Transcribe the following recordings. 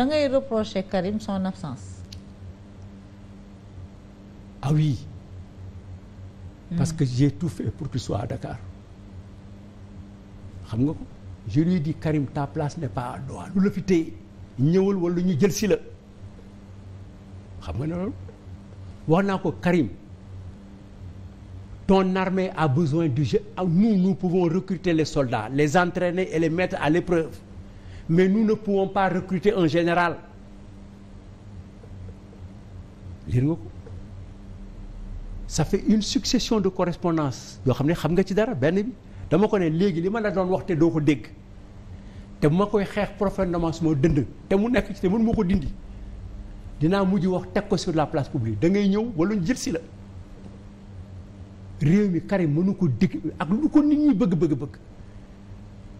da ngay reprocher Karim son absence. ah oui. Mmh. parce que j'ai tout fait pour qu'il soit à Dakar xam nga ko je lui ai dit Karim ta place n'est pas à Doha lu la fi téye ñëwal wala ñu jël si la xam nga ne loolu wax naa ko Karim ton armée a besoin du jeu ah, nous nous pouvons recruter les soldats les entraîner et les mettre à l'épreuve mais nous ne pouvons pas recruter en général lire nga ko ça fait une succession de correspondances yoo xam ne xam nga ci dara benn bi dama ko ne léegi li ma la doon wax te doo ko dégg te bu ma koy xeex profondément su ma dënd te mu nekk ci te mën moo ko dindi dinaa mujj wax teg ko sur la place publique da ngay ñëw wala ñu jël si la réew mi yi mënu ko dégg ak lu ko nit ñi bëgg bëgg bëgg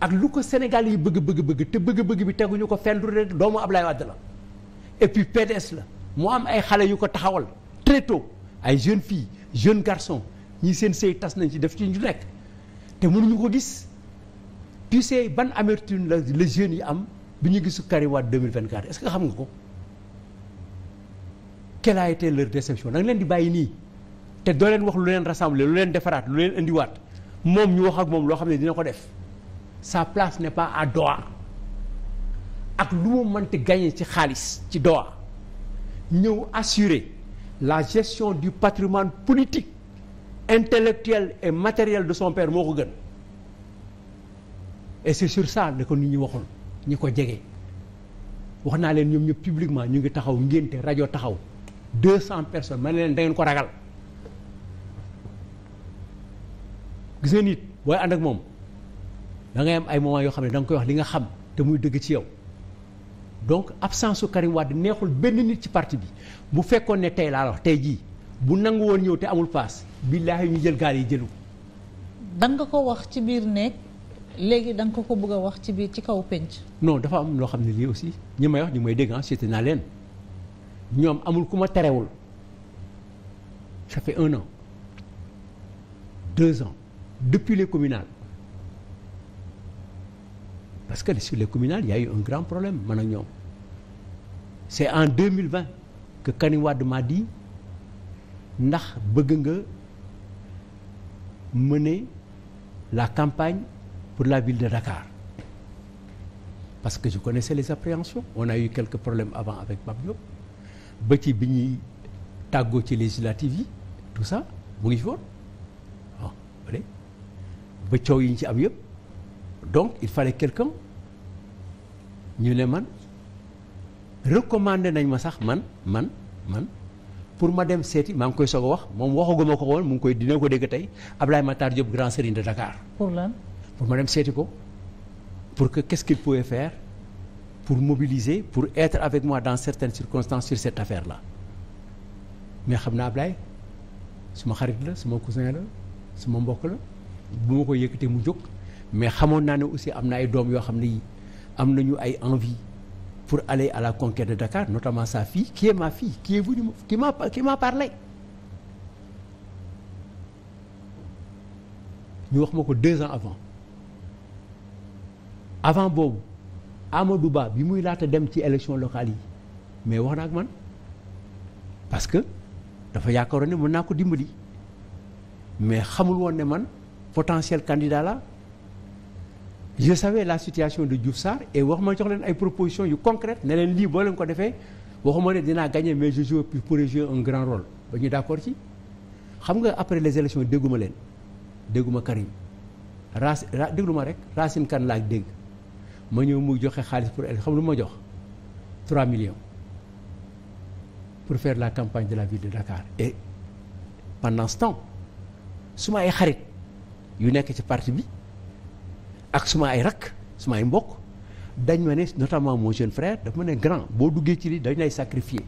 ak lu ko Sénégal yi bëgg bëgg bëgg te bëgg bëgg bi teguñu ko fenn rek doomu Ablaye Wade la et puis PDS la mu am ay xale yu ko taxawal très ay jeunes filles jeunes garçons ñi seen sëy tas nañ ci def ci ñu nekk te mënuñu ko gis tu sais ban amertume la les jeunes yi am bi ñu gisu Karim Wade 2024 est-ce que xam nga ko quelle te été leur déception da leen di bàyyi nii te doo leen wax lu leen rassembler lu leen defaraat lu leen indiwaat moom ñu wax ak moom loo xam ne dina ko def sa place ne pas à Doha ak lu mu mënti gagné ci xaalis ci Doha ñëw assurer la gestion du patrimoine politique intellectuel et matériel de son père moo ko gën et c'est sur ça la ko nit ñi waxoon ñi ko jege wax naa leen ñoom ñëpp publiquement ñu ngi taxaw ngénte rajo taxaw deux cent personnes ma ne leen da ko ragal gis nga nit booy ànd ak moom da ngay am ay moment yoo xam ne danga nga koy wax li nga xam te muy dëgg ci yow donc absence su Karim Wade neexul benn nit ci parti bi bu fekkoon ne tey laa wax tey jii bu nangu woon ñëw te amul paas billaahi ñu jël gaal yi jëlu dan nga ko wax ci biir nekk léegi da nga ko ko bëgg a wax ci biir ci kaw penc. non dafa am loo xam ne lii aussi ñi may wax ñu may dégg ah seeti naa leen ñoom amul ku ma terewul ça un an deux ans depuis les communales. parce que sur les communales il y a eu un grand problème man ak ñoom c'est que Karim Wade m'a bëgg nga mener la campagne pour la ville de parce que je connaissais les appréhensions on a eu problème problèmes avant avec Pape Diop ba bi ñuy tàggoo ci législatives yi tout ça mu ngi fi woon bon ba coow yi ñu ci am yëpp donc il fallait quelqu'un ñu ne man recommandé nañ ma sax man man man pour ma dem seeti maa ngi koy soog wax moom waxaguma ko woon mu ngi koy dina ko dégg tey Ablaye Matar Diop grand serigne de dakaar pour lan pour ma dem seeti ko pour que qu'est-ce qu'il pouvait faire pour mobiliser pour être avec moi dans certaines circonstances sur cette affaire la mais xam naa Ablaye suma xarit la suma cousin la suma mbokk la bu ma ko yëkkatee mu jóg. mais xamoon naa ne aussi am na ay doom yoo xam ne yi am na ñu ay envie pour aller à la conquête de Dakar notamment sa fii qui est ma fille qui est venue qui m'a qui m'a parlé ñu wax ma ko deux ans avant avant boobu Amadou Ba bi muy laata dem ci élection locale yi mais wax na ak man parce que dafa yaakaaroon ne mën naa ko dimbali mais xamul woon ne man potentiel candidat la je savais la situation de Diouf Sarr et wax ma jox leen ay propositions yu concrètes ne leen lii boo leen ko defee waxuma ne dinaa gagner mais je joue pour jouer un grand role ba ñu d'accord ci. xam nga après les élections dégguma leen dégguma Karim Rac déglu ma rek Racine Kane laa dégg ma ñëw mu joxe xaalis pour xam lu ma jox 3 millions pour faire la campagne de la ville de Dakar et pendant temps su ma ay xarit yu nekk ci parti bi. ak ma ay rak suma ay mbokk dañ ma ne notamment moo jeune frère daf ma ne grand boo duggee ci lii dañ lay sacrifier